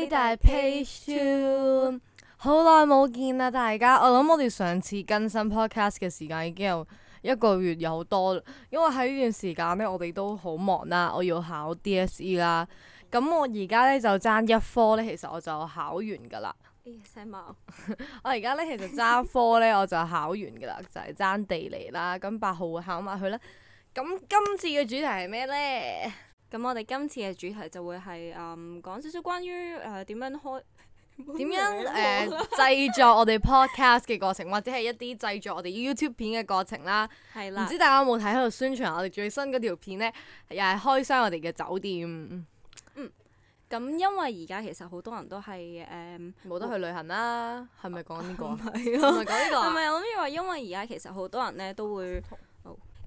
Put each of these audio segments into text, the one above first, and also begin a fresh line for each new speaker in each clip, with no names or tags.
Page two，好耐冇見啦，大家！我諗我哋上次更新 podcast 嘅時間已經有一個月有多，因為喺呢段時間呢，我哋都好忙啦。我要考 DSE 啦，咁我而家呢就爭一科呢，其實我就考完噶啦。
細貓、哎， 我而家呢其實爭
科呢，我就考完噶啦，就係、是、爭地理啦。咁八號會考埋佢啦。
咁今次嘅主題係咩呢？咁我哋今次嘅主題就會係誒、嗯、講少少關於誒點、呃、樣開點樣誒、 呃、製
作我哋 podcast 嘅過程，或者係一啲製作我哋 YouTube 片嘅過程啦。係啦，唔知大家有冇睇喺度宣傳我哋最新嗰條片咧？又係開箱我哋嘅酒店。嗯，
咁因為而家其實好多人都係誒冇得去旅行啦。係咪講呢個啊？唔係啊，係咪講呢個啊？係咪諗住話？ 是是因為而家其實好多人咧都會。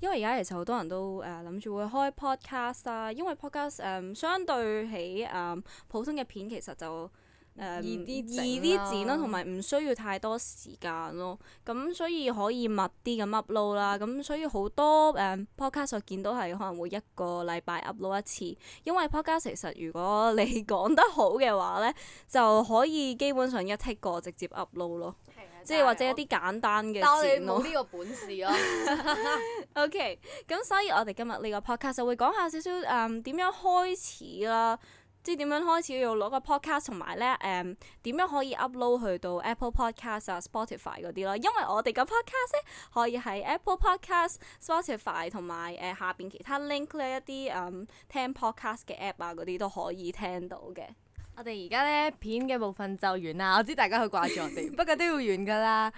因為而家其實好多人都誒諗住會開 podcast 啦，因為 podcast 誒、呃、相對起誒、呃、普通嘅片其實就誒、呃、易啲剪啦，同埋唔需要太多時間咯。咁所以可以密啲咁 upload 啦。咁所以好多誒、呃、podcast 我見都係可能會一個禮拜 upload 一次，因為 podcast 其實如果你講得好嘅話咧，就可以基本上一剔 i 直接 upload 咯。即係或者一啲簡單嘅節目。但係你冇呢個本事咯。OK，咁所以我哋今日呢個 podcast 就會講下少少誒點樣開始啦。即係點樣開始要攞個 podcast 同埋咧，誒點樣可以 upload 去到 Apple Podcast 啊、Spotify 嗰啲啦。因為我哋嘅 podcast 咧，可以喺 Apple Podcast、Spotify 同埋誒下邊其他 link 咧，一啲誒聽 podcast 嘅 app 啊嗰啲都可以聽到嘅。
我哋而家咧片嘅部分就完啦，我知大家好掛住我哋， 不過都要完噶啦。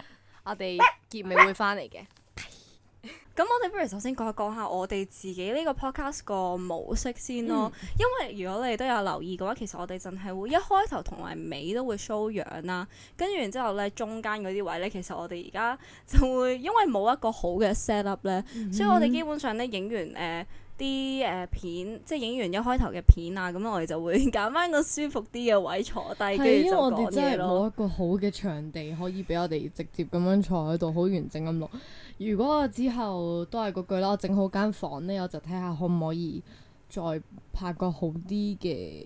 我哋結尾會翻嚟嘅。
咁我哋不如首先講講下我哋自己呢個 podcast 個模式先咯，嗯、因為如果你都有留意嘅話，其實我哋淨係會一開頭同埋尾都會 show 樣啦，跟住然之後咧中間嗰啲位咧，其實我哋而家就會因為冇一個好嘅 set up 咧、嗯，所以我哋基本上咧影完誒。呃啲誒、嗯、片，即係影完一開頭嘅片啊！咁我哋就會揀翻個舒服啲嘅位坐低，跟住就講嘢咯。因為我哋真係冇
一個好嘅場地可以俾我哋直接咁樣坐喺度好完整咁錄。如果我之後都係嗰句啦，整好間房呢，我就睇下可唔可以再拍個好啲嘅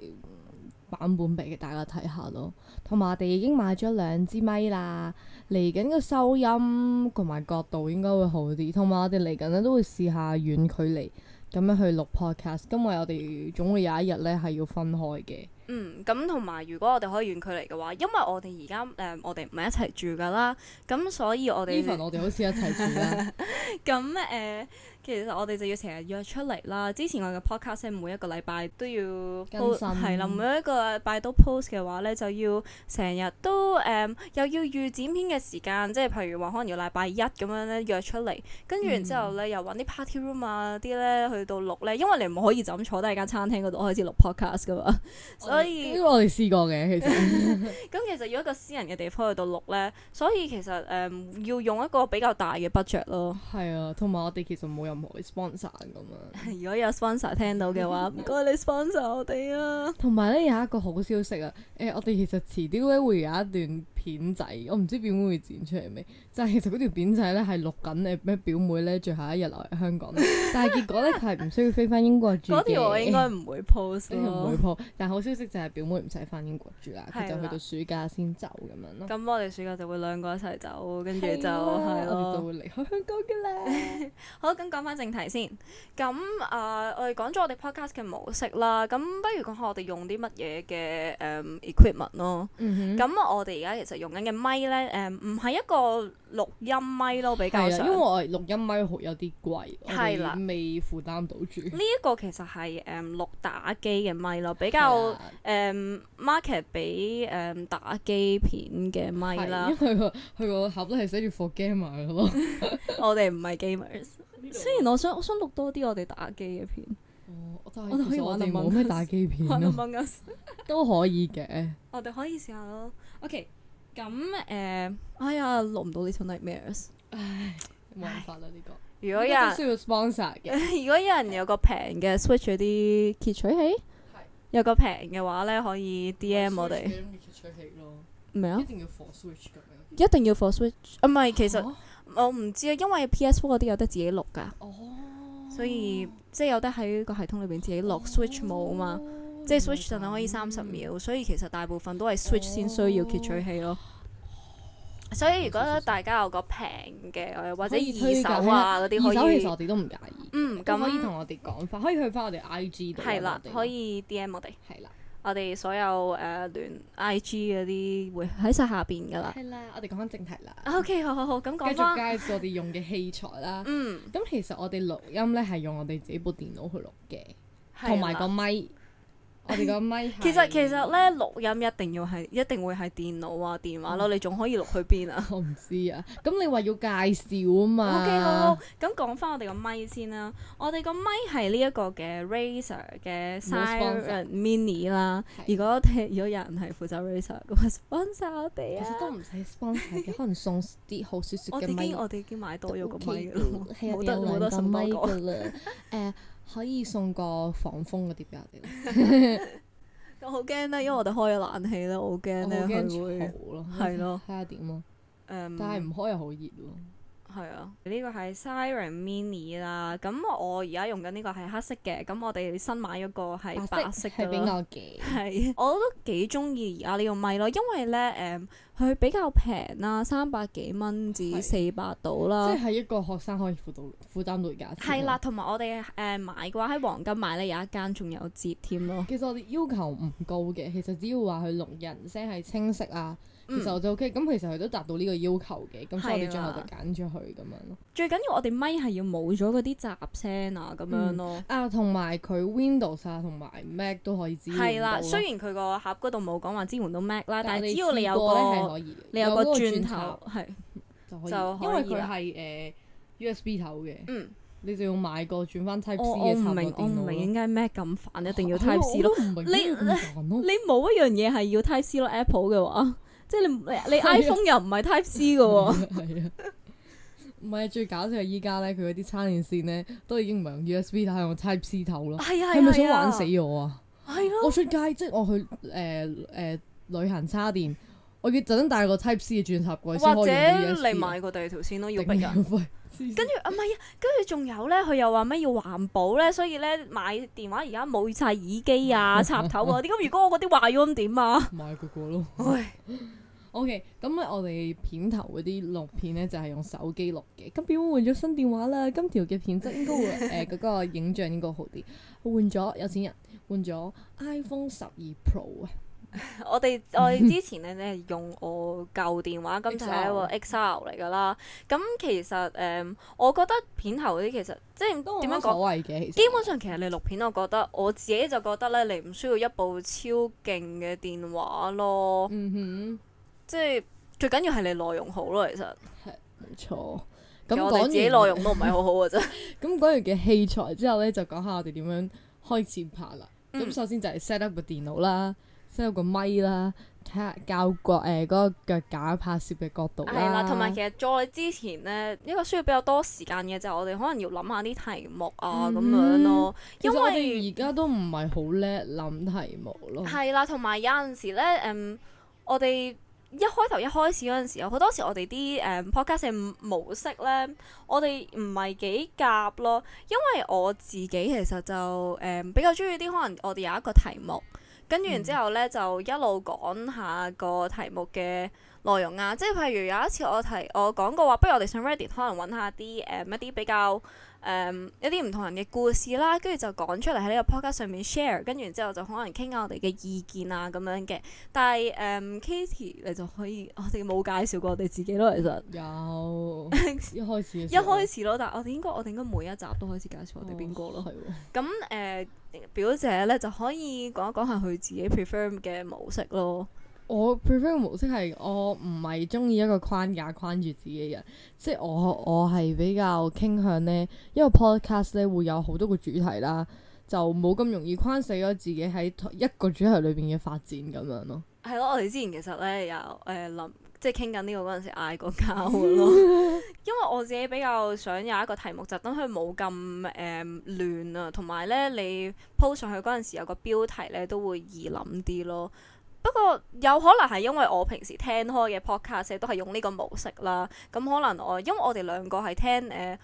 版本俾大家睇下咯。同埋我哋已經買咗兩支咪啦，嚟緊嘅收音同埋角度應該會好啲。同埋我哋嚟緊咧都會試下遠距離。咁樣去錄 podcast，因為我哋總會有一日咧係要分開嘅。
嗯，咁同埋如果我哋可以遠距離嘅話，因為我哋而家誒我哋唔係一齊住噶啦，咁所以我哋我哋好似一齊住啦。 咁、呃、誒，其實我哋就要成日約出嚟啦。之前我嘅 podcast 每一個禮拜都要 post 係新啦，每一個禮拜都 post 嘅話咧，就要成日都誒、呃，又要預剪片嘅時間，即係譬如話可能要禮拜一咁樣咧約出嚟，跟住然之後咧、嗯、又揾啲 party room 啊啲咧去到錄咧，因為你唔可以就咁坐低喺間餐廳嗰度開始錄 podcast 噶嘛。 所所以因為我哋試過嘅，其實咁其實要一個私人嘅地方去到錄咧，所以其實誒、嗯、要用一個比較大嘅 budget 咯。
係啊，同埋我
哋其實冇任何 sponsor 咁啊。 如果有 sponsor 聽到嘅話，唔該、嗯、你 sponsor 我哋啊。同埋咧有一個
好消息啊！誒、欸，我哋其實遲啲咧會有一段片仔，我唔知表妹會剪出嚟未，就係其實嗰條片仔咧係錄緊你咩表妹咧最後一日留喺香港， 但係結果咧佢係唔需要飛翻英國住嘅。嗰條我應該唔會 post 咯， 但係好消息就係表妹唔使翻英國住啦，佢就去到暑假先走咁樣
咯。咁我哋暑假就會兩個一齊走，跟住就係咯，就啦啦會離開香港嘅啦。 好，咁講翻正題先，咁啊，uh, 我哋講咗我哋 podcast 嘅模式啦，咁不如講下我哋用啲乜嘢嘅 equipment 咯。咁、mm hmm. 我哋而家其實。用緊嘅咪咧，誒唔係一個錄音咪咯，比較因為我係錄音咪
好有啲貴，
我哋未負擔到住。呢一個其實係誒錄打機嘅咪咯，比較誒 market 比誒打機片嘅咪啦。因
為佢個盒都係寫住 for gamer 咯。
我哋唔係 gamers。雖然我想我想錄多啲我哋打機嘅片。哦，我但係我哋冇咩打機片都可以嘅。我哋可以試下咯。OK。咁誒、呃，哎呀，錄唔到呢套 Nightmares，唉，冇辦法啦呢、這個。如果有人需要 sponsor 嘅， 如果有人有個平嘅 Switch 嗰啲擷取器，是有個平嘅話咧，可以 DM 我哋。咩啊？麼一定要 for Switch 嘅。一定要 for Switch 唔係，啊啊、其實我唔知啊，因為 PS4 嗰啲有得自己錄噶，oh. 所以即係有得喺個系統裏邊自己錄、oh. oh. Switch 冇嘛。即係 switch 盡量可以三十秒，所以其實大部分都係 switch 先需要揭取器咯。所以如果大家有個平嘅，或者二手啊嗰啲，可以，其實我哋都唔介意。嗯，咁可以同我哋講翻，可以去翻我哋 IG 度。係啦，可以 DM 我哋。係啦，我哋所有誒聯 IG 嗰啲會喺晒下邊㗎喇。係啦，我哋講翻正題啦。OK，好好好，咁講啦。繼續介紹我哋用嘅器材啦。嗯。咁其實我哋錄音咧係用
我哋自己部電腦去錄
嘅，同埋個咪。
我哋個
咪其實，其實呢錄音一定要係，一定會係電腦啊、電話咯，你仲可以錄去邊啊？我唔知啊。
咁你話要介紹啊嘛。O K，好好。
咁講返我哋個咪先啦。我哋個咪係呢一個嘅 Razer 嘅 Siren Mini 啦。如果，如果有人係負責 Razer 嘅 sponsor 哋啊，其實都唔使 sponsor 嘅，可能送啲好少少嘅咪。我已經，我哋已經買多咗個咪，好多好多新咪嘅
可以送個防風嗰啲俾我哋，咁
好驚咧，因為我哋開咗冷氣咧，我好驚咧會，係咯， 睇下點啊？誒，但係唔開又好熱喎。係啊，呢個係 Siren Mini 啦。咁我而家用緊呢個係黑色嘅。咁我哋新買咗個係白色嘅比咯。係對， 我都幾中意而家呢個咪咯，因為咧誒。嗯佢比較平啦，三百幾蚊至四百到啦。即係一個學生可以負到負擔到價錢。係啦，同埋我哋誒、呃、買嘅話喺黃金買呢有一間仲有折添咯。其實我哋要求唔高嘅，
其實只要話佢錄人聲係清晰啊。其實我 OK，咁其實佢都達到呢個要求嘅，咁所以我哋最後就揀出去咁樣咯。
最緊要我哋咪係要冇咗嗰啲雜聲啊
咁樣咯。啊，同埋佢 Windows 啊，同埋 Mac 都可以支援。係啦，雖然
佢個盒嗰度冇講話支援到 Mac 啦，但係只要你有個你有個轉
頭，係就可以，因為佢係誒 USB 頭嘅。你就要買個轉翻
Type C 嘅插個電腦。我唔明，我唔明，點解 Mac 咁煩，一定要 Type C 咯？你你你冇一樣嘢係要 Type C 咯 Apple 嘅話？即係你你 iPhone 又唔係 Type C 嘅喎，
係啊，唔係 啊，最搞笑係依家咧，佢嗰啲叉電線咧都已經唔係用 USB，係用 Type C 頭咯。係啊係啊係啊。係咪想玩死我啊？係咯、啊。我出街即我去誒誒、呃呃呃、旅行叉電，我要特登帶個 Type C 嘅轉插櫃，或者你買
個第二條線咯，要不入。跟住啊，唔係啊，跟住仲有咧，佢又話咩要環保咧，所以咧買電話而家冇晒耳機啊插頭啊啲咁。 如果我嗰啲壞咗點啊？
買嗰個咯。
O.K. 咁咧，我哋片頭嗰啲
錄片咧就係、是、用手機錄嘅。咁邊會換咗新電話啦？今條嘅片質應該會誒嗰、 呃那個影像應該好啲。換咗有錢人，換咗 iPhone 十二 Pro 啊！
我哋我哋之前咧咧 用我舊電話，今次係 XR 嚟噶啦。咁其實誒、嗯，我覺得片頭啲其實即係點樣講？所謂嘅基本上，其實你錄片，我覺得我自己就覺得咧，你唔需要一部超勁嘅電話咯。嗯
哼。
即係最緊要係你內容好咯，其實係冇錯。咁講自己內容都唔係好好嘅啫。
咁講完嘅 器材之後咧，就講下我哋點樣開始拍啦。咁、嗯、首先就係 set up 個電腦啦，set up 個咪啦，睇下教角誒嗰個腳架拍攝嘅角度啦。係啦，同埋其
實再之前咧，一個需要比較多時間嘅就係我哋可能要諗下啲題目啊咁、嗯、樣咯，因為而
家都唔係好叻諗題目咯。係
因為 啦，同埋有陣時咧，誒、嗯、我哋。一開頭一開始嗰陣時好多時我哋啲誒、嗯、podcast 嘅模式咧，我哋唔係幾夾咯，因為我自己其實就誒、嗯、比較鍾意啲，可能我哋有一個題目，跟住然之後咧就一路講下個題目嘅內容啊，即係譬如有一次我提我講過話，不如我哋上 Reddit，可能揾下啲誒一啲比較。誒一啲唔同人嘅故事啦，跟住就講出嚟喺呢個 podcast 上面 share，跟住之後就可能傾下我哋嘅意見啊咁樣嘅。但係誒、um，Katie 你就可以，我哋冇介紹過我哋自己咯，其實有 一開始一開始咯，但係我哋應該我哋應該每一集都開始介紹我哋邊個咯，係喎、哦。咁誒、呃，表姐咧就可以講一講一下佢自己 prefer 嘅模式咯。我 prefer 嘅模式係我唔係中意一個框架框住
自己人，即係我我係比較傾向呢。因為 podcast 咧會有好多個主題啦，就冇咁容易框死咗自己喺一個主題裏邊嘅發展咁樣咯。
係咯，我哋之前其實咧有，誒、呃、諗，即係傾緊呢個嗰陣時嗌過交嘅咯， 因為我自己比較想有一個題目就等佢冇咁誒亂啊，同埋咧你 po 上去嗰陣時有個標題咧都會易諗啲咯。不過有可能係因為我平時聽開嘅 podcast 都係用呢個模式啦，咁可能我因為我哋兩個係聽誒唔、呃、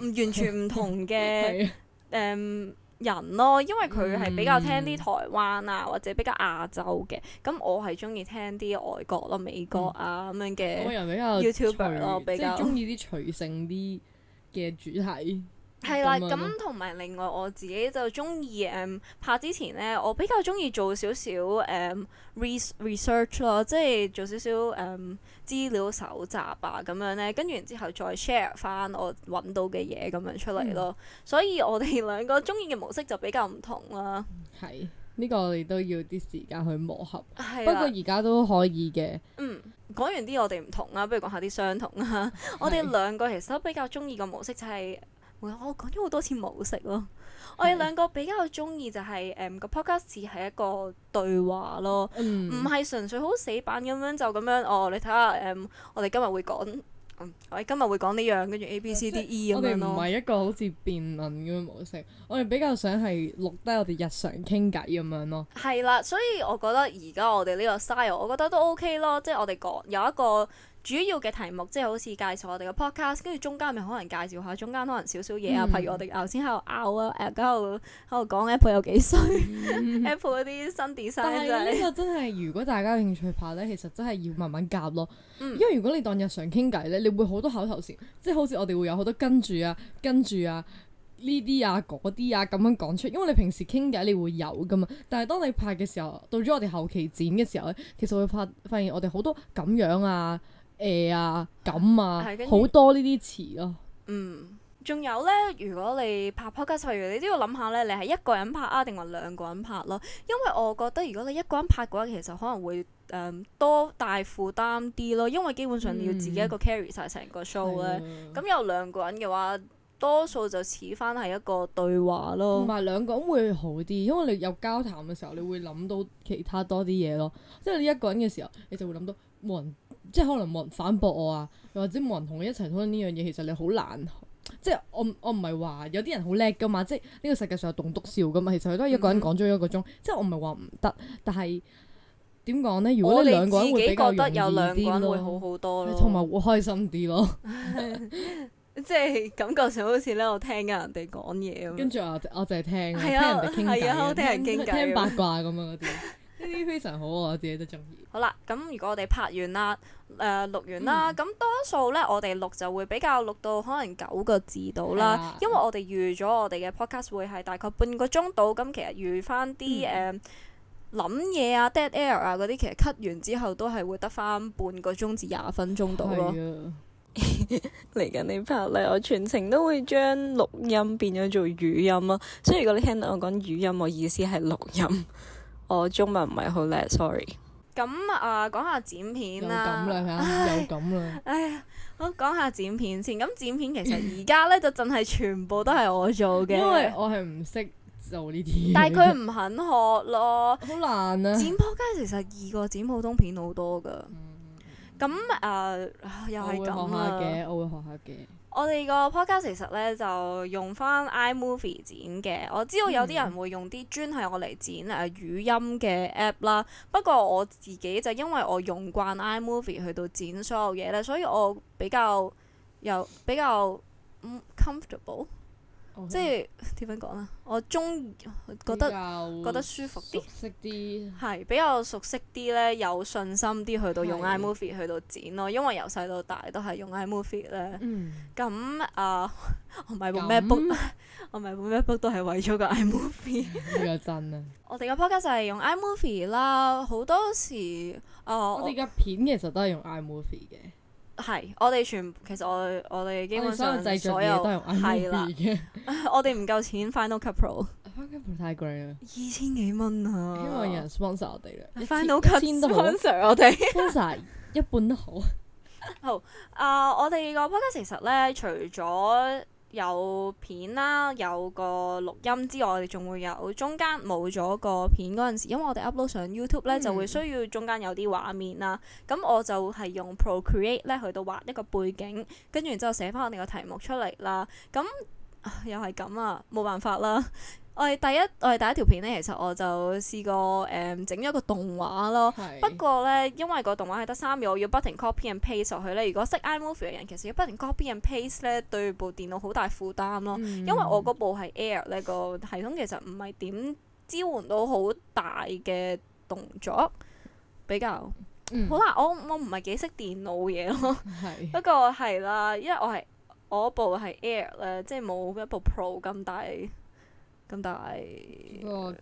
完全唔同嘅誒人咯， 嗯、因為佢係比較聽啲台灣啊或者比較亞洲嘅，咁、嗯、我係鍾意聽啲外國咯、啊、美國啊咁、嗯、樣嘅、啊。我個人比較 YouTuber 咯，我比較即係鍾意
啲隨性啲嘅主題。係啦，咁
同埋另外我自己就中意誒拍之前咧，我比較中意做少少誒 research 咯，即係做少少誒資料搜集啊咁樣咧，跟住然之後再 share 翻我揾到嘅嘢咁樣出嚟咯。嗯、所以我哋兩個中意嘅模式就比較唔同啦。係，
呢個我哋都要啲時間去磨合。係啦不過而家都可以嘅。
嗯。講完啲我哋唔同啦，不如講下啲相同啦。對 我哋兩個其實都比較中意嘅模式就係、係。哦、我我講咗好多次模式咯，的我哋兩個比較鍾意就係、是、誒、嗯這個 podcast 係一個對話咯，唔係、嗯、純粹好死板咁樣就咁樣哦，你睇下誒，我哋今日會講，我、嗯、哋今日會講呢樣，跟住 A B C D E 咁樣咯。我哋唔係
一個好似辯論咁樣模式，嗯、我哋比較想係錄低我哋日常傾偈咁樣咯。
係啦，所以我覺得而家我哋呢個 style，我覺得都 OK 咯，即係我哋講有一個。主要嘅題目即係好似介紹我哋個 podcast，跟住中間咪可能介紹下中間可能少少嘢啊。嗯、譬如我哋頭先喺度拗啊，喺度喺度講 App 有、嗯、 Apple 有幾衰，Apple 嗰啲新 design 呢個
真係。如果大家有興趣拍咧，其實真係要慢慢夾咯，嗯、因為如果你當日常傾偈咧，你會好多口頭禪，即係好似我哋會有好多跟住啊，跟住啊呢啲啊嗰啲啊咁樣講出。因為你平時傾偈你會有噶嘛，但係當你拍嘅時候，到咗我哋後期剪嘅時候咧，其實會發發現我哋好多咁樣啊。誒、欸、啊，咁啊，好多呢啲詞咯。嗯，
仲有咧，如果你拍 podcast，譬如你都要諗下咧，你係一個人拍啊，定話兩個人拍咯？因為我覺得如果你一個人拍嘅話，其實可能會誒多、嗯、大負擔啲咯，因為基本上你要自己一個 carry 晒成個 show 咧、嗯。咁、嗯、有兩個人嘅話，多數就似翻係一個對話咯。同埋
兩個人會好啲，因為你有交談嘅時候，你會諗到其他多啲嘢咯。即、就、係、是、你一個人嘅時候，你就會諗到冇人。即係可能冇人反駁我啊，又或者冇人同我一齊討論呢樣嘢，其實你好難。即係我我唔係話有啲人好叻噶嘛，即係呢個世界上有棟篤笑噶嘛，其實佢都係一個人講咗一個鐘。嗯、即係我唔係話唔得，但係點講咧？如果你兩個人會比較容易啲咯，覺得有兩個人會好好
多咯，同埋
會開心啲咯。
即係 感覺上好似咧，我聽緊人哋講嘢。跟住
我我就係聽，聽人哋傾偈，聽人傾偈，聽八卦咁樣啲。呢啲非常好，我自己都中意。
好啦，咁如果我哋拍完啦，誒、呃、錄完啦，咁、嗯、多數咧，我哋錄就會比較錄到可能九個字到啦，嗯、因為我哋預咗我哋嘅 podcast 會係大概半個鐘到，咁其實預翻啲誒諗嘢啊、dead air 啊嗰啲，其實 cut 完之後都係會得翻半個鐘至廿分鐘到咯。嚟緊你拍咧，我全程都會將錄音變咗做語音咯，所以如果你聽到我講語音，我意思係錄音。 我、哦、中文唔係好叻，sorry。咁啊，講下剪片啦。又咁啦，唉又咁啦。哎呀，好講下剪片先。咁剪片其實而家咧就真係全部都係我做嘅，因為我係唔識做呢啲嘢。但係佢唔肯學咯，好 難啊！剪波街其實易過剪普通片好多噶。咁、嗯、啊，啊，又係咁啊。我會學下嘅，我會學下嘅。我哋個 podcast 其實咧就用返 iMovie 剪嘅，我知道有啲人會用啲專係我嚟剪誒語音嘅 app 啦、嗯，不過我自己就因為我用慣 iMovie 去到剪所有嘢咧，所以我比較又比較唔 comfortable。Okay. 即係點樣講啦？我中意覺得比較 覺得舒服啲，係比較熟悉啲咧，有信心啲去到用 iMovie 去到剪咯，對因為由細到大都係用 iMovie 咧。咁啊、嗯呃，我唔係用 MacBook，我唔係用 MacBook 都係為咗個 iMovie。講真啊，我哋嘅 podcast 係用 iMovie 啦，好多時啊，呃、我哋嘅
片其實都係用 iMovie 嘅。
係，我哋全其實我我哋基本上所有都係係啦，我哋唔夠錢 Final Cut Pro，Final Cut Pro 太貴啦，二千幾蚊啊！希望有人 sponsor 我哋啦，sponsor 我哋，sponsor 一半都好。好啊，我哋個 project 其實咧，除咗有片啦，有個錄音之外，我哋仲會有中間冇咗個片嗰陣時，因為我哋 upload 上 YouTube 咧，嗯、就會需要中間有啲畫面啦。咁我就係用 Procreate 咧去到畫一個背景，跟住然之後寫翻我哋個題目出嚟啦。咁、呃、又係咁啊，冇辦法啦。我哋第一，我哋第一條片咧。其實我就試過誒整咗個動畫咯。是不過咧，因為個動畫係得三秒，我要不停 copy and paste 落去咧。如果識 iMovie 嘅人，其實要不停 copy and paste 咧，對部電腦好大負擔咯。嗯、因為我嗰部係 Air 咧，個系統其實唔係點支援到好大嘅動作，比較、嗯、好啦。我我唔係幾識電腦嘢咯。不過係啦，因為我係我部係 Air 咧，即係冇一部 Pro 咁大。咁但係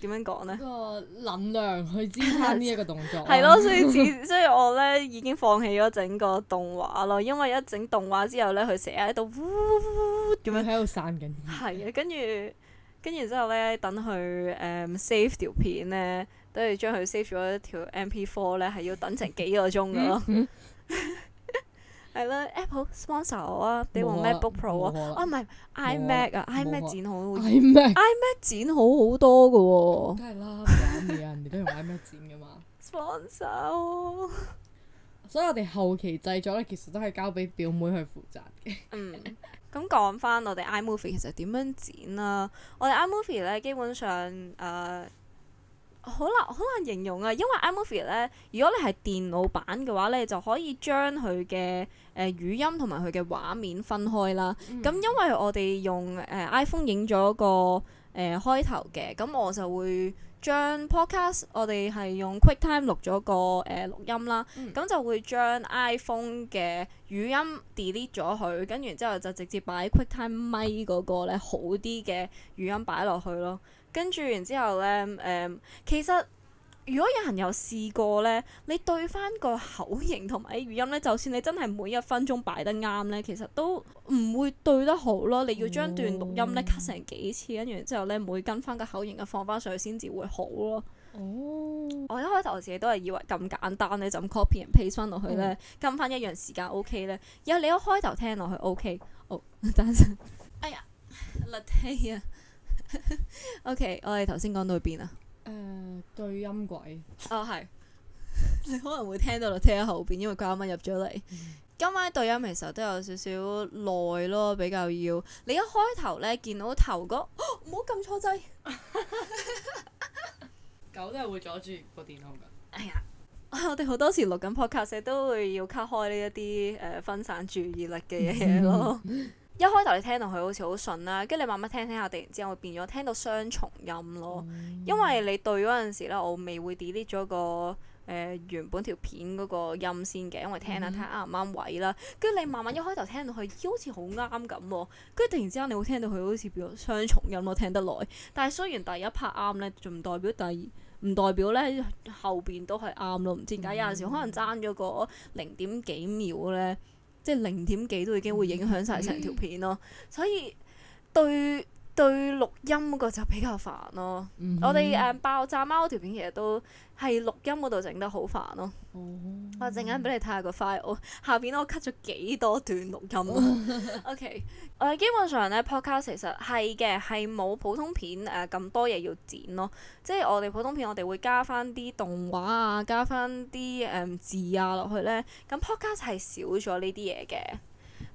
點樣講呢？個能量去支撐呢一個動作係咯 對， 所以所以我咧已經放棄咗整個動畫咯，因為一整動畫之後咧，佢成日喺度嗚，喎咁樣
喺度散緊。
係啊，跟住跟住之後咧，等佢誒、嗯、save 條片咧，都要將佢 save 咗一條 MP4 咧，係要等成幾個鐘噶咯、嗯。嗯 係啦，Apple sponsor 我啊，你用、啊、MacBook Pro 啊，啊唔係、哦、iMac 啊，啊，iMac I Mac 剪好
好
，iMac 剪好好多噶喎。梗係啦，玩
嘢啊，人哋都用 iMac
剪噶嘛。
sponsor。所以我哋後期製作咧，其實都係交俾表妹去負責嘅。
嗯，咁講翻我哋 iMovie 其實點樣剪啦、啊？我哋 iMovie 咧，基本上誒。呃好啦好難形容啊，因為 iMovie 咧，如果你係電腦版嘅話咧，你就可以將佢嘅誒語音同埋佢嘅畫面分開啦。咁、嗯、因為我哋用誒、呃、iPhone 影咗個誒、呃、開頭嘅，咁我就會將 podcast 我哋係用 QuickTime 錄咗個誒、呃、錄音啦。咁、嗯、就會將 iPhone 嘅語音 delete 咗佢，跟住之後就直接擺 QuickTime 咪嗰個咧好啲嘅語音擺落去咯。跟住然之後咧，誒、嗯，其實如果有人有試過咧，你對翻個口型同埋語音咧，就算你真係每一分鐘擺得啱咧，其實都唔會對得好咯。你要將段錄音咧 cut、哦、成幾次，跟住之後咧，每跟翻個口型嘅放翻上去先至會好咯。哦，我一開頭我自己都係以為咁簡單咧，就咁 copy and paste 翻落去咧，嗯、跟翻一樣時間 O K 咧，有你一開頭聽落去 O K，哦，等陣，哎呀，latte 啊！ OK，我哋頭先講到邊啊？誒，uh, 對音鬼，哦，係你可能會聽到就聽喺後邊，因為佢啱啱入咗嚟。嗯、今晚對音其實都有少少耐咯，比較要你一開頭咧見到頭哥，唔好撳錯掣。
狗都係會阻住部電腦噶。
哎呀，我哋好多時錄緊 podcast 都會要 cut 開呢一啲誒分散注意力嘅嘢咯。 一開頭你聽到佢好似好順啦，跟住你慢慢聽聽下，突然之間會變咗聽到雙重音咯。嗯、因為你對嗰陣時咧，我未會 delete 咗個誒、呃、原本條片嗰個音先嘅，因為聽下睇啱唔啱位啦。跟住你慢慢一開頭聽到佢好似好啱咁喎，跟住突然之間你會聽到佢好似變咗雙重音咯，聽得耐。但係雖然第一拍啱咧，就唔代表第二，唔代表咧後邊都係啱咯。唔知點解有陣時可能爭咗個零點幾秒咧。即係零點幾都已經會影響晒成條片咯，所以對。對錄音個就比較煩咯，mm hmm. 我哋誒爆炸貓嗰條片其實都係錄音嗰度整得好煩咯。Oh. 我陣間俾你睇下個 file，下邊我 cut 咗幾多段錄音 OK，我、呃、基本上咧 podcast 其實係嘅，係冇普通片誒咁、呃、多嘢要剪咯。即係我哋普通片，我哋會加翻啲動畫、嗯、啊，加翻啲誒字啊落去咧。咁 podcast 係少咗呢啲嘢嘅。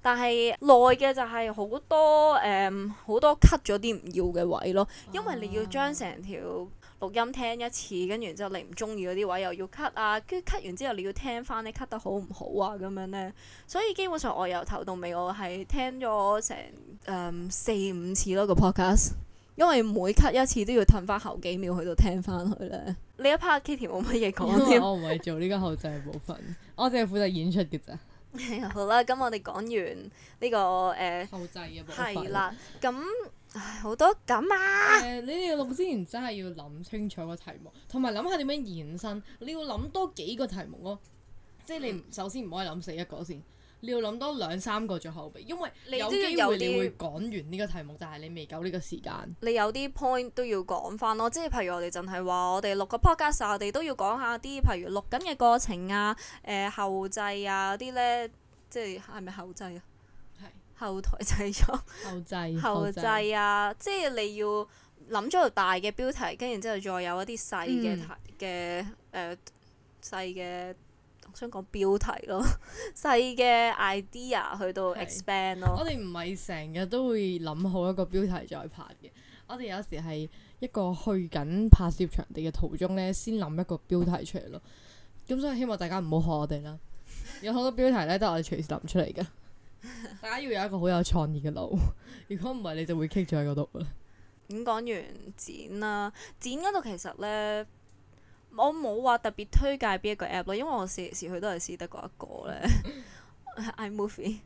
但係耐嘅就係好多誒，好、嗯、多 cut 咗啲唔要嘅位咯，啊、因為你要將成條錄音聽一次，跟住之後你唔中意嗰啲位又要 cut 啊，跟住 cut 完之後你要聽翻你 cut 得好唔好啊，咁樣咧，所以基本上我由頭到尾我係聽咗成誒四五次咯、個 podcast，因為每 cut 一次都要褪翻後幾秒去到聽翻佢咧。呢一 part Kitty 冇乜嘢講，我
唔係做呢個後製部分，Katie，我淨係 負責演出嘅咋。
哎、好啦，咁我哋講完呢、這個誒，後、呃、製嘅部分啦。咁好
多咁啊！誒、啊呃，你哋錄之前真係要諗清楚個題目，同埋諗下點樣延伸。你要諗多幾個題目咯，即係你首先唔可以諗死一個先。 你要諗多兩三個做後備，因為有機會你會講完呢個題目，但係你未夠呢個時
間。你有啲 point 都要講翻咯，即係譬如我哋淨係話我哋錄個 podcast，我哋都要講下啲譬如錄緊嘅過程啊，誒、呃、後製啊啲呢，即係係咪後製啊？後台製作。後製後製啊！即係你要諗咗條大嘅標題，跟然之後再有一啲細嘅題嘅誒細嘅。嗯想講標題咯，細嘅 idea 去到 expand 咯對。嗯、我哋唔係成日都會諗好一個標題再拍
嘅，我哋有時係一個去緊拍攝場地嘅途中咧，先諗一個標題出嚟咯。咁所以希望大家唔好學我哋啦。 有好多標題咧都係我哋隨時諗出嚟㗎。大家要有一個好有創意嘅路，如果唔係你就會棘咗喺嗰度啦。
點講、嗯、完剪啦、啊？剪嗰度其實咧。我冇話特別推介邊一個 app 咯，因為我時時去都係試得嗰一個咧。iMovie，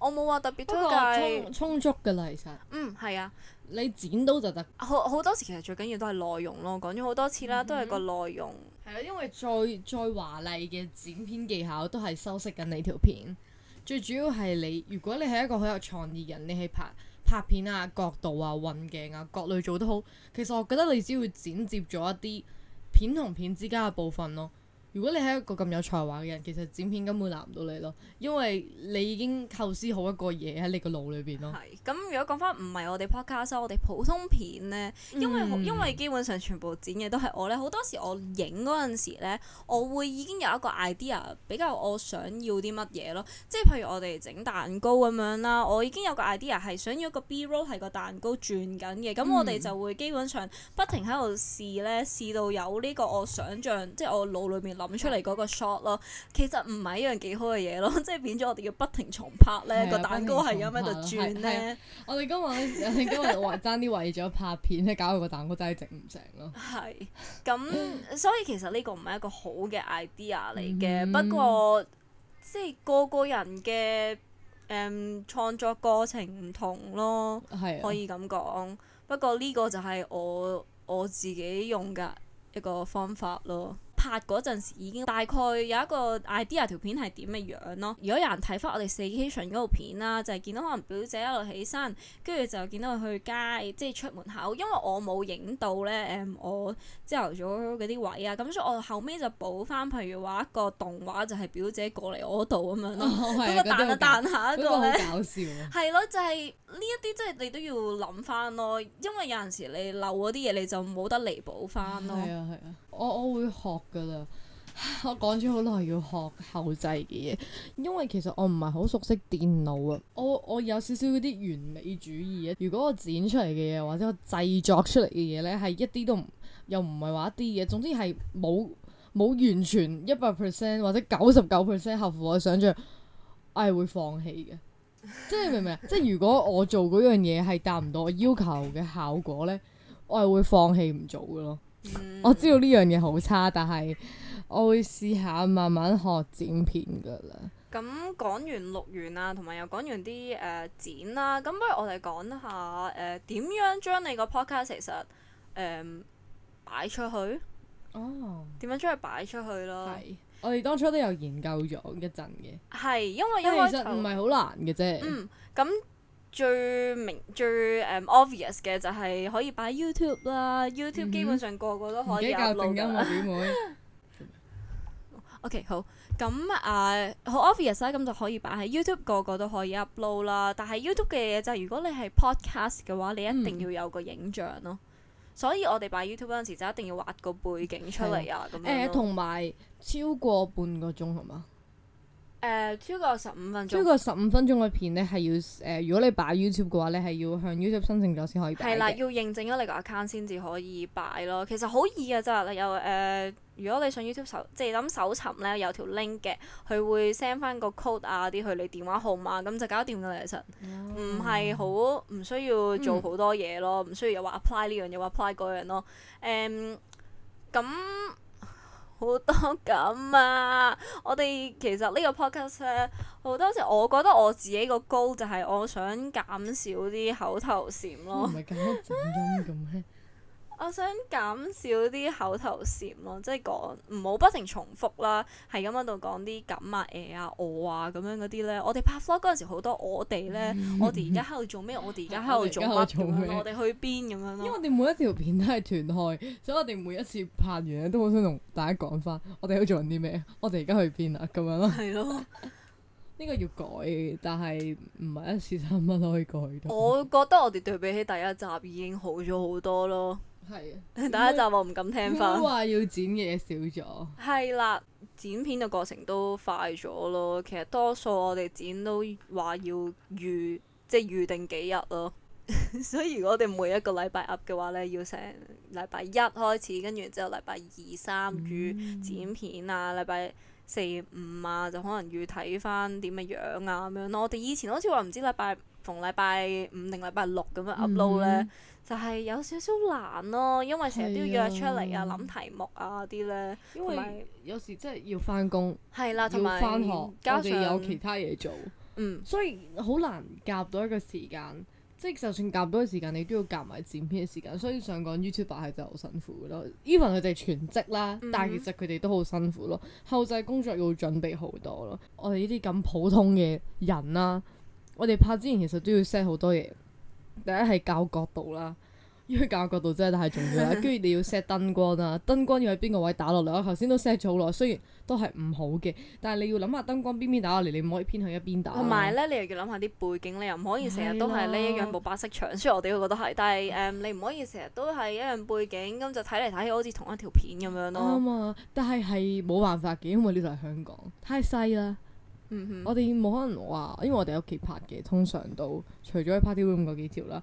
我冇話特別推介。充，充足㗎啦，其實。嗯，係啊。你剪到就得。好好多時，其實最緊要都係內容咯。講咗好多次啦，都係個內容。
係咯，因為再再華麗嘅剪片技巧，都係修飾緊你條片。最主要係你，如果你係一個好有創意人，你係拍拍片啊、角度啊、運鏡啊各類做得好，其實我覺得你只要剪接咗一啲。片同片之間嘅部分咯。如果你係一個咁有才華嘅人，其實剪片根本難唔到你咯，因為你已經構思好一個嘢喺你個腦裏邊咯。係。
咁如果講返唔係我哋 podcast，我哋普通片咧，因為、嗯、因為基本上全部剪嘅都係我咧，好多時我影嗰陣時咧，我會已經有一個 idea，比較我想要啲乜嘢咯。即係譬如我哋整蛋糕咁樣啦，我已經有個 idea 係想要一個 B roll 係個蛋糕轉緊嘅，咁我哋就會基本上不停喺度試咧，試到有呢個我想像，即係我腦裏面，諗出嚟嗰個 shot 咯，其實唔係一樣幾好嘅嘢咯，即係變咗我哋要不停重拍咧。對個蛋糕係咁喺度轉咧。我哋今日咧， 我哋今日話爭啲
為咗拍片即 搞到個蛋糕真係整唔成咯。係
咁，所以其實呢個唔係一個好嘅 idea 嚟嘅。Mm hmm. 不過即係個個人嘅誒創作過程唔同咯，可以咁講。對不過呢個就係我我自己用嘅一個方法咯。拍嗰陣時已經大概有一個 idea 條片係點嘅樣，樣咯。如果有人睇翻我哋四 section 嗰套片啦，就係、是、見到可能表姐一路起身，跟住就見到佢去街，即係出門口。因為我冇影到咧，誒、嗯、我朝頭早嗰啲位啊，咁所以我後尾就補翻，譬如話一個動畫就係、是、表姐過嚟我度咁樣咯。嗰、哦啊、個彈一彈下一個咧，搞笑啊，係咯、啊啊，就係呢一啲即係你都要諗翻咯。因為有陣時你漏嗰啲嘢，你就冇得彌補翻咯。係啊係啊，啊，啊，我啊我會學。
我講咗好耐要學後製嘅嘢，因為其實我唔係好熟悉電腦啊。我我有少少啲完美主義啊。如果我剪出嚟嘅嘢或者我製作出嚟嘅嘢呢，係一啲都唔又唔係話一啲嘢，總之係冇冇完全一百 percent 或者九十九 percent 合乎我嘅想像，我係會放棄嘅。即係明唔明啊？ 即係如果我做嗰樣嘢係達唔到我要求嘅效果呢，我係會放棄唔做嘅咯。嗯、我知道呢樣嘢好差，但係我會試下慢慢學剪片噶啦。
咁講、嗯、完錄完啦，同埋又講完啲誒、呃、剪啦，咁不如我哋講下誒點、呃、樣將你個 podcast 其實誒擺、呃、出去哦？點樣將佢擺出去咯？係
我哋當初都有研究咗一陣嘅。
係因為其實唔係好難嘅啫。嗯咁。最明最誒 obvious 嘅就係可以擺 YouTube 啦、嗯、哼，YouTube 基本上、嗯、哼個個都可以 upload。唔記得教點音啊，表妹。 OK 好，咁啊好 obvious 啦。咁、uh, 就可以擺喺 YouTube，個個都可以 upload 啦。但係 YouTube 嘅嘢就係、是、如果你係 podcast 嘅話，你一定要有個影像咯。嗯、所以我哋擺 YouTube 嗰陣時就一定要畫個背景出嚟啊。咁誒同
埋超過半個鐘係嘛？好
誒、uh, 超過十五分鐘，超過十
五分鐘嘅片咧係要誒、呃，如果你擺 YouTube 嘅話咧係要向 YouTube 申請咗先可以擺。係啦，要
認證咗你個 account 先至可以擺咯。其實好易㗎咋，又誒、呃，如果你上 YouTube 搜，即係諗搜尋咧有條 link 嘅，佢會 send 翻個 code 啊啲去你電話號碼，咁就搞掂㗎啦。其實唔係好唔需要做好多嘢咯，唔需要又話 apply 呢樣嘢，又話 apply 嗰樣咯。誒、um, 咁。好多咁啊！我哋其實個呢個 podcast 咧，好多時我覺得我自己個 goal 就係，我想減少啲口頭禪咯。
唔係咁
我想減少啲口頭禪咯，即係講唔好不停重複啦。係咁喺度講啲咁啊、誒、欸、啊、我啊咁樣嗰啲咧。我哋拍拖嗰陣時好多我哋咧，我哋而家喺度做咩？我哋而家喺度做乜？ 我哋 去
邊咁樣咯。因為我哋每一條片都係團開，所以我哋每一次拍完咧都好想同大家講翻：我哋喺度做緊啲咩？我哋而家去邊啦？咁樣咯。係咯。呢個要改，但係唔係一時三刻都可以改。我
覺得我哋對比起第一集已經好咗好多咯。係啊，第對一集我唔敢聽翻。話要剪嘢少咗，係啦， 剪片嘅過程都快咗咯。其實多數我哋剪都話要預，即係預定幾日咯。 所以如果我哋每一個禮拜 up 嘅話咧，要成禮拜一開始，跟住之後禮拜二三預剪片啊，禮拜、嗯、四五啊就可能要睇翻點嘅樣樣啊咁樣咯。我哋以前好似話唔知禮拜逢禮拜五定禮拜六咁樣 upload 咧。但係有少少難咯，啊，因為成日都要約出嚟啊、諗、啊、題目啊啲咧。因為
有時即係要返工，係啦，啊，要返學，加上我哋有其他嘢做。嗯，所以好難夾到一個時間。即係、嗯、就算夾到嘅時、時間，你都要夾埋剪片嘅時間。所以想講 YouTube 係真係好辛苦咯。Even 佢哋全職啦，嗯，但係其實佢哋都好辛苦咯。後製工作要準備好多咯。我哋呢啲咁普通嘅人啦，我哋拍之前其實都要 set 好多嘢。第一係教角度啦，因為教角度真係太重要啦。跟住 你要 set 燈光啦，燈光要喺邊個位打落嚟？我頭先都 set 咗好耐，雖然都係唔好嘅，但係你要諗下燈光邊邊打落嚟，你唔可以偏向一邊打。同埋咧，
你又要諗下啲背景，你又唔可以成日都係呢一樣冇白色牆。的雖然我哋都覺得係，但係誒、嗯，你唔可以成日都係一樣背景，咁就睇嚟睇去好似同一條片咁樣咯。啱、嗯、啊，但
係係冇辦法嘅，因為呢度係香港，太細啦。嗯哼， 我哋冇可能話，因為我哋喺屋企拍嘅，通常都除咗喺 party room 嗰幾條啦。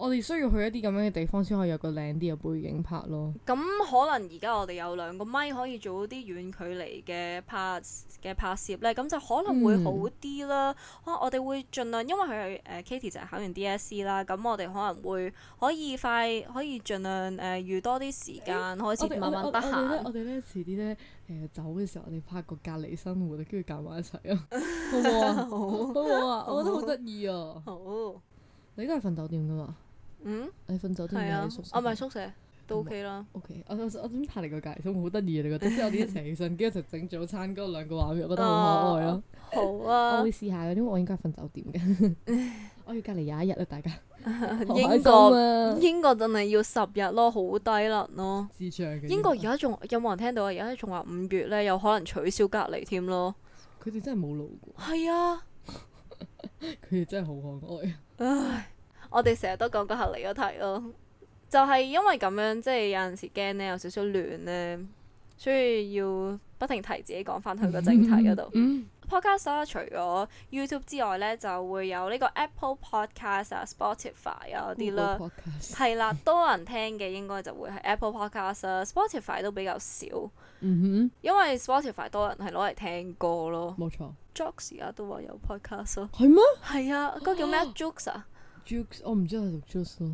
我哋需要去一啲咁樣嘅地方先可以有個靚啲嘅背景拍咯。
咁可能而家我哋有兩個咪可以做啲遠距離嘅拍嘅拍攝咧，咁就可能會好啲啦。啊、嗯，可能我哋會盡量，因為誒 Katie 就係考完 DSE 啦，咁我哋可能會可以快可以盡量誒預多啲時間、欸、開始慢慢得閒。我哋咧，我，
我，呢我呢遲啲咧誒走嘅時候，我哋拍個隔離生活，跟住夾埋一齊啊！ 好嗎好啊好，我覺得好得意啊！好，好好你而家係瞓酒店㗎嘛？嗯，你瞓酒店啊？啊，唔係宿
舍都 OK 啦。
OK，我我我點拍你個隔籬，好得意啊！你覺得即係我哋一齊起身，跟住一齊整早餐，嗰個兩個畫面，我覺得好可愛咯。好啊，我會試下，因為我應該係瞓酒店嘅。我要隔離廿一日啊，大家。英國啊，
英國真係要十日咯，好低能咯。智障嘅。英國而家仲有冇人聽到啊？而家仲話五月咧有可能取消隔離添咯。佢哋真係冇腦。係啊。佢哋真係好可愛。唉。我哋成日都講個合理嗰題咯，就係、是、因為咁樣，即係有陣時驚咧，有少少亂咧，所以要不停提自己講翻佢個整體嗰度。嗯嗯、Podcast 除咗 YouTube 之外咧，就會有呢個 Apple Podcast 啊、Spotify 啊嗰啲啦。Podcast 係啦， 多人聽嘅應該就會係 Apple Podcast Spotify 都比較少，嗯、
哼
因為 Spotify 多人係攞嚟聽歌咯。冇錯錯 Jukes 而家都話有 Podcast 咯。係
咩？係啊，嗰嗎、啊這個叫咩 Jukes 啊？我唔知佢讀 just 咯，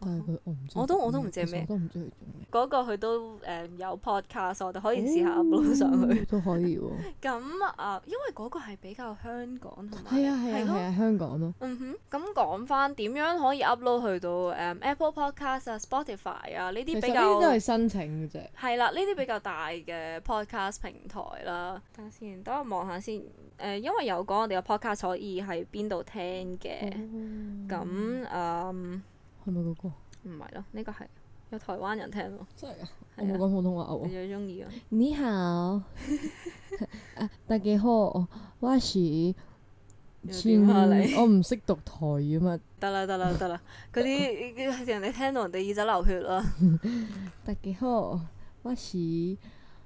但係佢我唔。我都我都唔知咩，都唔知佢做
咩。嗰個佢都誒有 podcast，我哋可以試下 upload 上去。
都可以喎。
咁啊，因為嗰個係比較香港同埋。係啊係啊
香港咯。嗯哼。
咁講翻點樣可以 upload 去到誒 Apple Podcast 啊、Spotify 啊呢啲比較。其實呢啲都係
申請嘅啫。
係啦，呢啲比較大嘅 podcast 平台啦。等下先，等我望下先。誒，因為有講我哋嘅 podcast，所以喺邊度聽嘅。咁誒、哦，係咪嗰個歌？唔係咯，呢、這個係有台灣人聽喎。真係啊！我冇講普通話喎、哦。你最中意啊！你好，誒，大家好，我是千嬅。你我唔
識讀台語嘛？
得啦得啦得啦，嗰啲人哋聽到人哋耳仔流血咯。大家好，我是。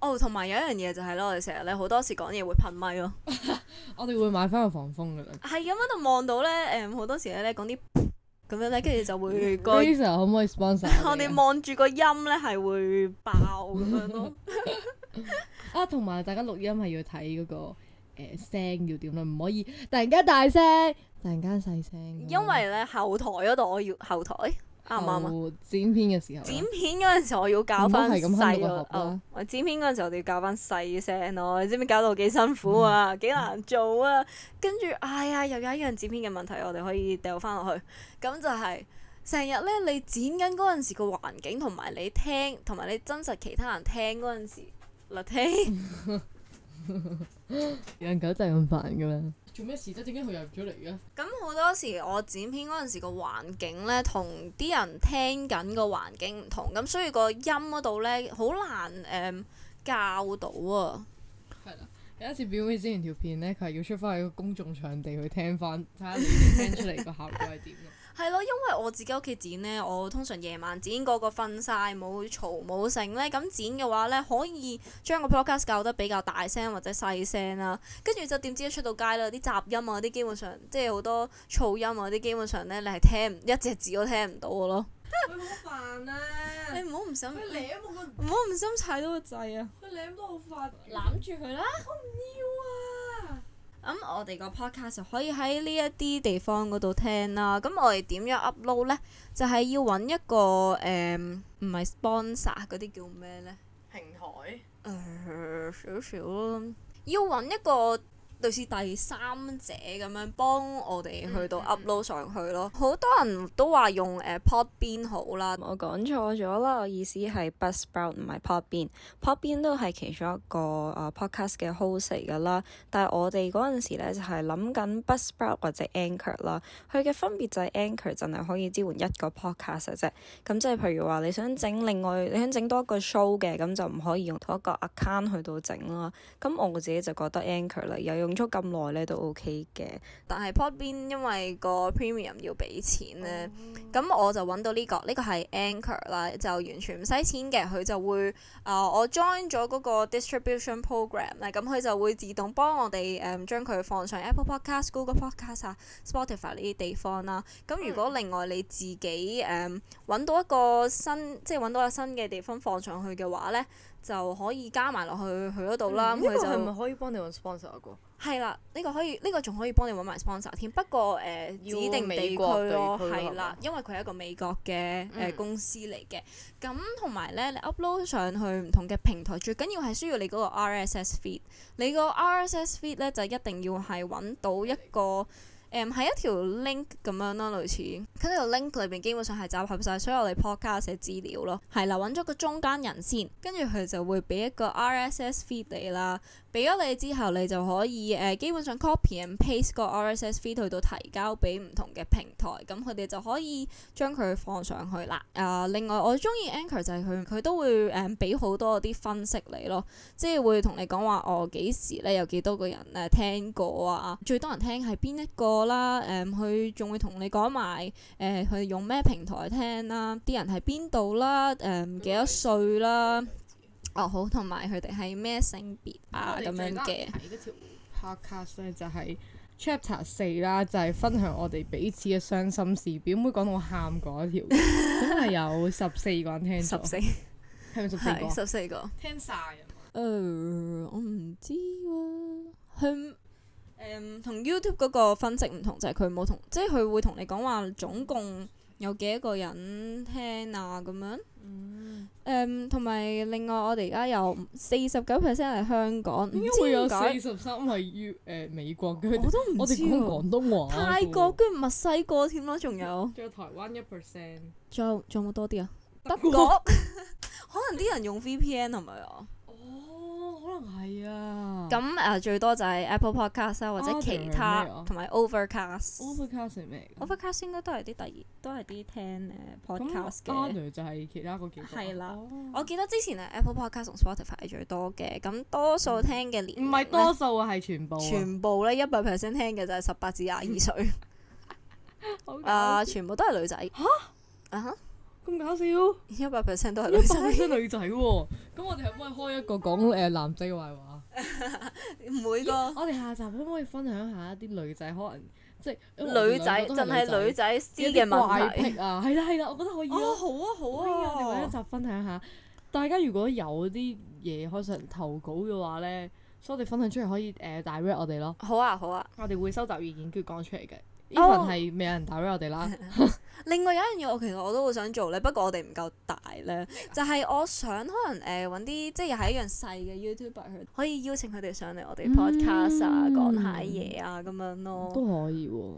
哦，同埋有一樣嘢就係咯，我哋成日咧好多時講嘢會噴咪咯。
我哋會買翻個防風嘅。
係咁喺度望到咧，誒，好多時咧講啲咁樣咧，跟住就會、那個。Razer
可唔可以 sponsor 我
哋？望住個音咧係會爆咁樣
咯。 啊，同埋大家錄音係要睇嗰、那個誒、呃、聲要點啦，唔可以突然間大聲，突然間細聲。
因為咧後台嗰度我要後台。啱唔啱啊？哦、
剪片嘅時候、啊，剪片
嗰陣時候我要教翻細咯。啊哦、剪片嗰陣時候我要，我哋教翻細聲咯。你知唔知搞到幾辛苦啊？幾難做啊？跟住，哎呀，又有一樣剪片嘅問題，我哋可以掉翻落去。咁就係成日咧，你剪緊嗰陣時個環境，同埋你聽，同埋你真實其他人聽嗰陣時嗱聽。
養狗 就係咁煩噶啦～
做咩事啫？點解佢入咗嚟嘅？咁好多時我剪片嗰陣時個環境咧，同啲人聽緊個環境唔同，咁所以個音嗰度咧，好難誒教到啊。係啦，有
一次表妹之前條片咧，佢係要出翻去個公眾場地去聽翻，睇下你哋聽出嚟個效果係點。
係咯，因為我自己屋企剪咧，我通常夜晚剪，個個瞓曬冇嘈冇醒咧。咁剪嘅話咧，可以將個 podcast 搞得比較大聲或者細聲啦。跟住就點知一出到街啦，啲雜音啊啲基本上，即係好多噪音啊啲基本上咧，你係聽唔，一隻字都聽唔到嘅咯。佢、啊、好煩啊！你唔好唔心唔好唔心踩到個掣啊！佢舐得好快，攬住佢啦！我唔要啊！咁、嗯、我哋個 podcast 可以喺呢一啲地方嗰度聽啦。咁、嗯、我哋點樣 upload 呢？就係要揾一個誒，唔係 sponsor 嗰啲叫咩呢？平台。少少咯。要揾一個。類似第三者咁樣幫我哋去到 upload 上去咯，好多人都話用誒 Podbean 好啦。我講錯咗啦，我意思係 Buzzsprout 唔係 Podbean，Podbean 都係其中一個誒、呃、podcast 嘅 host 嚟㗎啦。但係我哋嗰陣時咧就係、是、諗緊 Buzzsprout 或者 anchor 啦。佢嘅分別就係 anchor 就係可以支援一個 podcast 嘅啫。咁即係譬如話你想整另外你想整多一個 show 嘅，咁就唔可以用同一個 account 去到整啦。咁我自己就覺得 anchor 啦，又要。用咗咁耐咧都 OK 嘅，但係 Podbean 因為個 Premium 要俾錢咧，咁、oh. 我就揾到呢、這個，呢、這個係 Anchor 啦，就完全唔使錢嘅，佢就會啊、呃、我 join 咗嗰個 distribution program 咧，咁佢就會自動幫我哋誒、嗯、將佢放上 Apple Podcast、Google Podcast 啊、Spotify 呢啲地方啦。咁如果另外你自己誒揾、嗯嗯、到一個新，即係揾到一個新嘅地方放上去嘅話咧。就可以加埋落去佢嗰度啦。咁佢、嗯、就係咪可以幫你揾 sponsor 啊？個係啦，呢、呢個可以，呢、呢個仲可以幫你揾埋 sponsor 添。不過誒，指、呃、定美國咯、哦，係啦了，嗯、因為佢係一個美國嘅誒、呃嗯、公司嚟嘅。咁同埋咧，你 upload 上去唔同嘅平台，最緊要係需要你嗰個 RSS feed，你 feed。你個 RSS feed 咧就一定要係揾到一個。嗯嗯誒，喺、嗯、一條 link 咁樣啦、啊，類似，喺、這、條、個、link 裏邊基本上係集合晒所以我哋 podcast 資料咯，係啦，搵咗個中間人先，跟住佢就會俾一個 RSS feed 你啦。俾咗你之後，你就可以誒基本上 copy and paste 個 RSS feed 去到提交俾唔同嘅平台，咁佢哋就可以將佢放上去啦。誒、啊，另外我中意 Anchor 就係佢，佢都會誒俾好多啲分析你咯，即係會同你講話哦幾時咧有幾多個人誒聽過啊，最多人聽係邊一個啦？誒、嗯，佢仲會同你講埋誒佢用咩平台聽啦、啊，啲人係邊度啦，誒、嗯、幾多歲啦、啊。哦好，同埋佢哋係咩性別啊咁、嗯、樣嘅。我哋最近嗰條 podcast 咧，就係 chapter 四啦，就係分享我哋彼
此嘅傷心事。表妹講到我喊嗰條， 真係有十四個人聽。十四？
係咪十四個？十四 個。個聽曬、呃。我唔知喎、啊。佢同、嗯、YouTube 嗰個分析唔同，就係佢冇同，即係佢會同你講話總共。有幾多個人聽啊？咁樣，嗯，誒，同埋另外我哋而家有四十九 percent 係香港，應該有四十
三係越誒美國嘅，我都唔知、啊。我哋講廣東話。泰國
居然墨西哥添咯，仲有。仲有台灣一 percent，仲有仲有冇多啲啊？德國，可能啲人用 VPN 係咪啊？可能係啊，咁誒、呃、最多就係 Apple Podcast 啦，或者其他同埋 Overcast。Overcast 係咩？Overcast 應該都係啲第二，都係啲聽誒 podcast 嘅。啊、就
係其他個其他，係啦
，oh. 我記得之前係 Apple Podcast 同 Spotify 係最多嘅，咁多數聽嘅年齡，唔係、嗯、多數係全部、啊。全部咧一百 percent 聽嘅就係十八至廿二歲，
啊，全
部都係女仔。嚇！咁搞笑！一百 percent 都係女，女仔咁、啊、 我哋可唔可以開一個講誒男仔嘅壞話？
每個、欸、我哋下集可唔可以分享一下啲女仔可能即係女仔，真係女仔嘅怪癖啊？係啦係啦，我覺得可以啊。啊好啊好啊！我哋下集分享一下，大家如果有啲嘢可以上投稿嘅話咧，所以我哋分享出嚟可以誒 direct 我哋咯好、啊。好啊好啊！我哋會收集意見，跟住講出嚟嘅。呢份係未有人打俾我哋啦。
另外有一樣嘢，我其實我都好想做咧，不過我哋唔夠大咧，就係、是、我想可能誒搵啲即係又係一樣細嘅 YouTuber 去可以邀請佢哋上嚟我哋 podcast 啊，講、嗯、下嘢啊咁、嗯、樣咯。都
可以喎，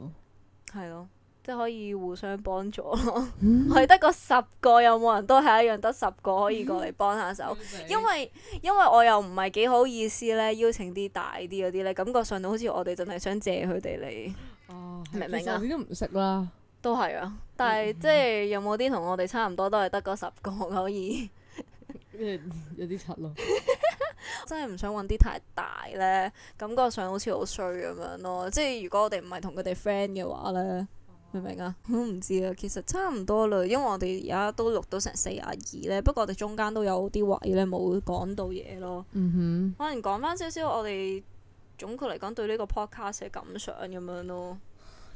係咯，即係可以互相幫助咯。係得個十個，有冇人都係一樣，得十個可以過嚟幫下手， 因為因為我又唔係幾好意思咧邀請啲大啲嗰啲咧，感覺上都好似我哋真係想借佢哋嚟。哦，明明啊？其實我哋都唔識啦，都係啊，但係、嗯、哼即係有冇啲同我哋差唔多都，都係得嗰十個可以。
有啲七咯。
真係唔想揾啲太大咧，感覺上好似好衰咁樣咯。即係如果我哋唔係同佢哋 friend 嘅話咧，明唔明啊？我都唔知啊。其實差唔多啦，因為我哋而家都錄到成四廿二咧。不過我哋中間都有啲位咧冇講到嘢咯。嗯、哼可能講翻少少我哋。總括嚟講，對呢個 podcast 嘅感想咁樣咯，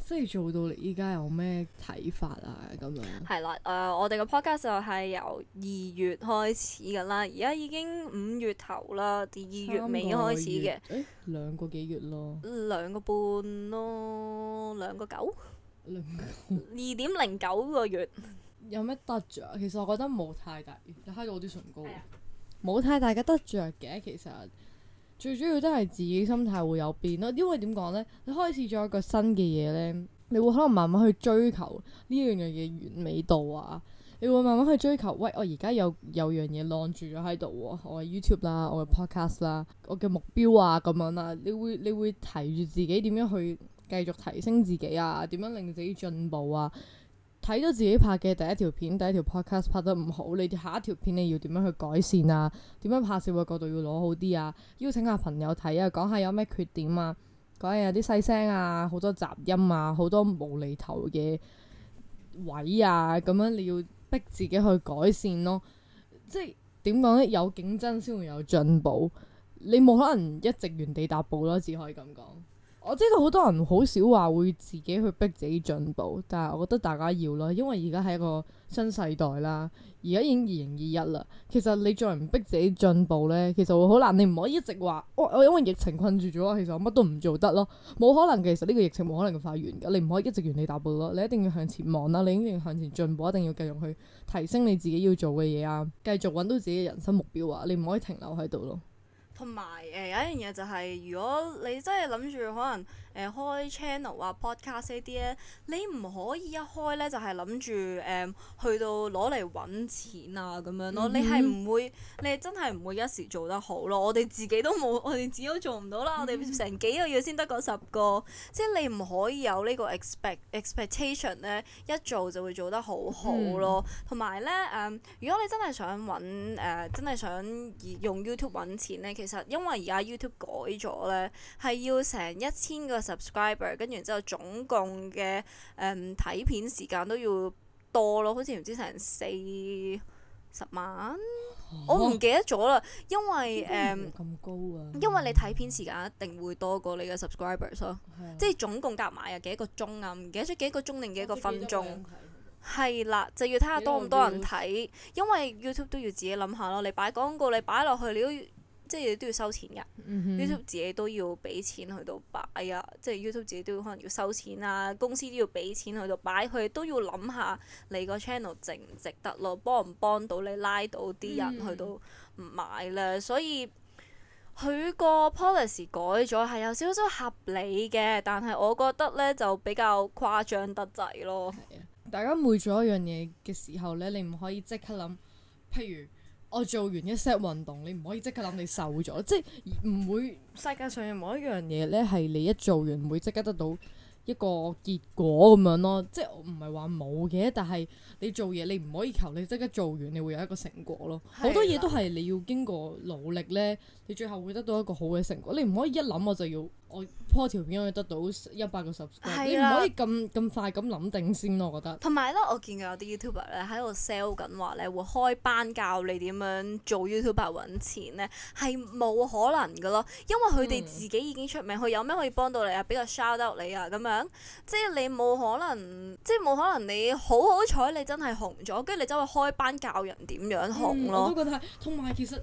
即係做到你依
家有咩睇法啊咁樣？
係啦，誒、呃，我哋嘅 podcast 就係由二月開始㗎啦，而家已經五月頭啦，二月尾開始嘅。
誒、欸、兩個幾月咯？
兩個半咯，兩個九？
二點零九個月。 有咩得着？其實我覺得冇太大，你揩咗我啲唇膏。冇、哎、呀太大嘅得着嘅，其實。最主要都係自己心態會有變咯，因為點講呢？你開始咗一個新嘅嘢呢，你會可能慢慢去追求呢樣嘢嘅完美度啊，你會慢慢去追求，喂，我而家有有樣嘢晾住咗喺度喎，我嘅 YouTube 啦，我嘅 Podcast 啦，我嘅目標啊咁樣啦，你會你會提住自己點樣去繼續提升自己啊，點樣令自己進步啊？睇到自己拍嘅第一條片、第一條 podcast 拍得唔好，你下一條片你要點樣去改善啊？點樣拍攝嘅角度要攞好啲啊？邀請下朋友睇啊，講下有咩缺點啊？講下有啲細聲啊，好多雜音啊，好多無厘頭嘅位啊，咁樣你要逼自己去改善咯。即係點講呢？有競爭先會有進步，你冇可能一直原地踏步咯，只可以咁講。我知道好多人好少話會自己去逼自己進步，但係我覺得大家要咯，因為而家係一個新世代啦，而家已經二零二一啦。其實你再唔逼自己進步咧，其實會好難，你唔可以一直話，哦，我、哦、因為疫情困住咗，其實我乜都唔做得咯，冇可能。其實呢個疫情冇可能咁快完噶，你唔可以一直原地踏步咯。你一定要向前望啦，你一定要向前進步，一定要繼續去提升你自己要做嘅嘢啊，繼續揾到自己嘅人生目標啊，你唔可以停留喺度咯。
同埋誒有一樣嘢就係，如果你真係諗住可能。誒、呃、開 channel 啊 podcast 呢啲咧，你唔可以一開咧就係諗住誒去到攞嚟揾錢啊咁樣咯。嗯、你係唔會，你真係唔會一時做得好咯。我哋自己都冇，我哋自己都做唔到啦。嗯、我哋成幾個月先得嗰十個，即係你唔可以有個 expect，呢個 expect expectation 咧，一做就會做得好好咯。同埋咧誒，如果你真係想揾、呃、真係想用 YouTube 揾錢咧，其實因為而家 YouTube 改咗咧，係要成一千個。subscriber 跟住之後總共嘅誒睇片時間都要多咯，好似唔知成四十萬，蛤我唔記得咗啦，因為誒、啊、因為你睇片時間一定會多過你嘅 subscriber 即係總共夾埋有幾多個鐘啊？唔、啊、記得咗幾多個鐘定幾多個分鐘？係啦，就要睇下多唔多人睇，秒因為 YouTube 都要自己諗下咯。你擺廣告你擺落去你都。即係都要收錢嘅、mm hmm.，YouTube 自己都要俾錢去到擺啊，即係 YouTube 自己都要可能要收錢啊，公司都要俾錢去到擺，佢都要諗下你個 channel 值唔值得咯，幫唔幫到你拉到啲人去到買咧，mm hmm. 所以佢個 policy 改咗係有少少合理嘅，但係我覺得呢就比較誇張得滯咯。
大家每做一樣嘢嘅時候呢，你唔可以即刻諗，譬如。我做完一 set 運動，你唔可以即刻諗你瘦咗，即唔會世界上冇一樣嘢咧係你一做完會即刻得到一個結果咁樣咯。即我唔係話冇嘅，但係你做嘢你唔可以求你即刻做完，你會有一個成果咯。好是的 多嘢都係你要經過努力咧，你最後會得到一個好嘅成果。你唔可以一諗我就要。我 po 條片可以得到一百個十，啊、你唔可以咁咁 快咁諗定先咯，我覺得。
同埋咧，我見到有啲 YouTuber 咧喺度 sell 緊話咧會開班教你點樣做 YouTuber 揾錢咧，係冇可能噶咯，因為佢哋自己已經出名，佢、嗯、有咩可以幫到你啊？畀個 shout out 你啊咁樣，即係你冇可能，即係冇可能你好好彩你真係紅咗，跟住你走去開班教人點樣紅咯。嗯、我都覺
得係，同埋其實。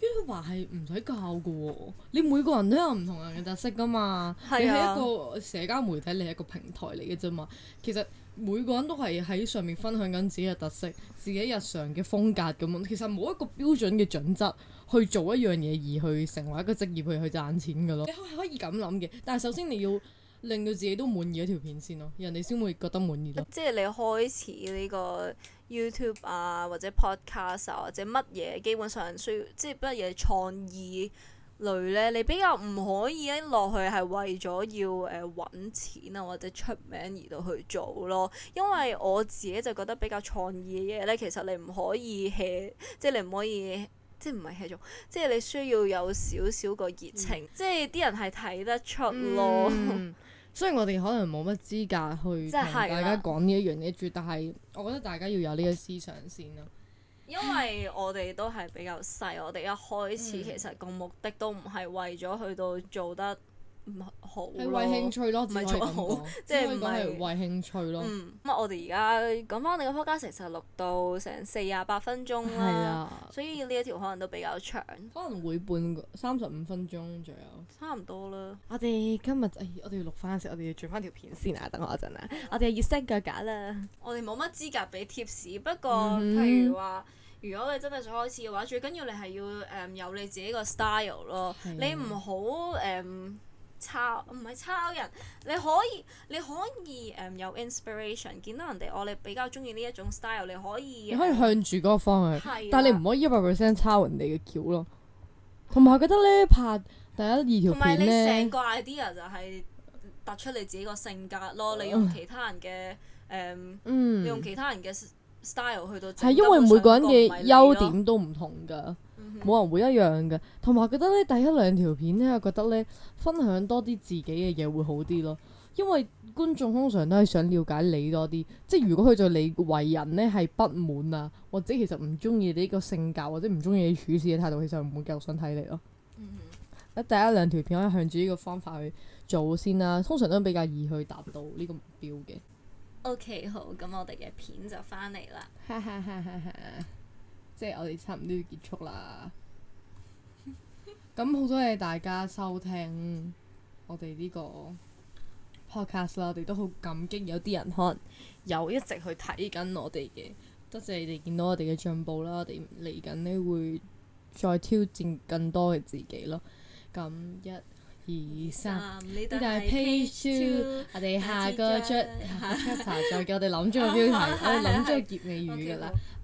YouTube 係唔使教噶喎，你每個人都有唔同人嘅特色噶嘛。啊、你係一個社交媒體，你係一個平台嚟嘅啫嘛。其實每個人都係喺上面分享緊自己嘅特色、自己日常嘅風格咁。其實冇一個標準嘅準則去做一樣嘢而去成為一個職業去去賺錢㗎咯。你可以可以咁諗嘅，但係首先你要。令到自己都滿意一條片先咯，人哋先會覺得滿意咯。
即係你開始呢個 YouTube 啊，或者 Podcast 啊，或者乜嘢，基本上需要即係乜嘢創意類呢？你比較唔可以一落去係為咗要誒揾、呃、錢啊或者出名而度去做咯。因為我自己就覺得比較創意嘅嘢咧，其實你唔可以 hea，即係你唔可以即係唔係 hea 咗，即係你需要有少少個熱情，嗯、即係啲人係睇得出咯。嗯
雖然我哋可能冇乜資格去同是大家講呢一樣嘢住，的但係我覺得大家要有呢個思想先咯。
因為我哋都係比較細， 我哋一開始其實個目的都唔係為咗去到做得。唔好，係為興趣咯，唔係做好，即係唔係為
興趣咯。
咁、嗯、我哋而家講翻我哋個 podcast，其實錄到成四十八分鐘啦，啊、所以呢一條可能都比較長，可
能會半個三十五分鐘左右，
差唔多啦、
哎。我哋今日，我哋要錄翻我哋要轉翻條片先啊！等我一陣啊， 我哋要 set 腳架啦。
我哋冇乜資格俾貼士，不過譬、嗯、哼如話，如果你真係想開始嘅話，最緊要你係要誒、嗯、有你自己個 style 咯，的的你唔好誒。Um, 抄唔係抄人，你可以你可以誒、嗯、有 inspiration，見到人哋我哋比較中意呢一種 style，你可以你可以向住嗰個方向，是的 但係你
唔可以一百 percent 抄人哋嘅橋咯。同埋我覺得咧拍第一二條片，同埋咧，成個
idea 就係突出你自己個性格咯。嗯、你用其他人嘅誒，嗯嗯、用其他人嘅 style 去到係因為每個人嘅優點都
唔同㗎。冇人會一樣嘅，同埋覺得咧第一兩條片咧，我覺得咧分享多啲自己嘅嘢會好啲咯，因為觀眾通常都係想了解你多啲，即係如果佢對你為人咧係不滿啊，或者其實唔中意你呢個性格或者唔中意你處事嘅態度，其實唔會繼續想睇你咯。一、嗯、哼第一兩條片可以向住呢個方法去做先啦，通常都比較易去達到呢個目標嘅。
OK，好，咁我哋嘅片就翻嚟啦。 即係我哋
差唔多要結束啦，咁好 多謝大家收聽我哋呢個 podcast 啦，我哋都好感激有啲人可能有一直去睇緊我哋嘅，多謝你哋見到我哋嘅進步啦，我哋嚟緊呢會再挑戰更多嘅自己咯。咁一、二、 三，
但係 pay to，我哋下個 chapter、ja ja ja、
再叫我哋諗咗個標題， 我哋諗咗個結尾語㗎啦。 Okay.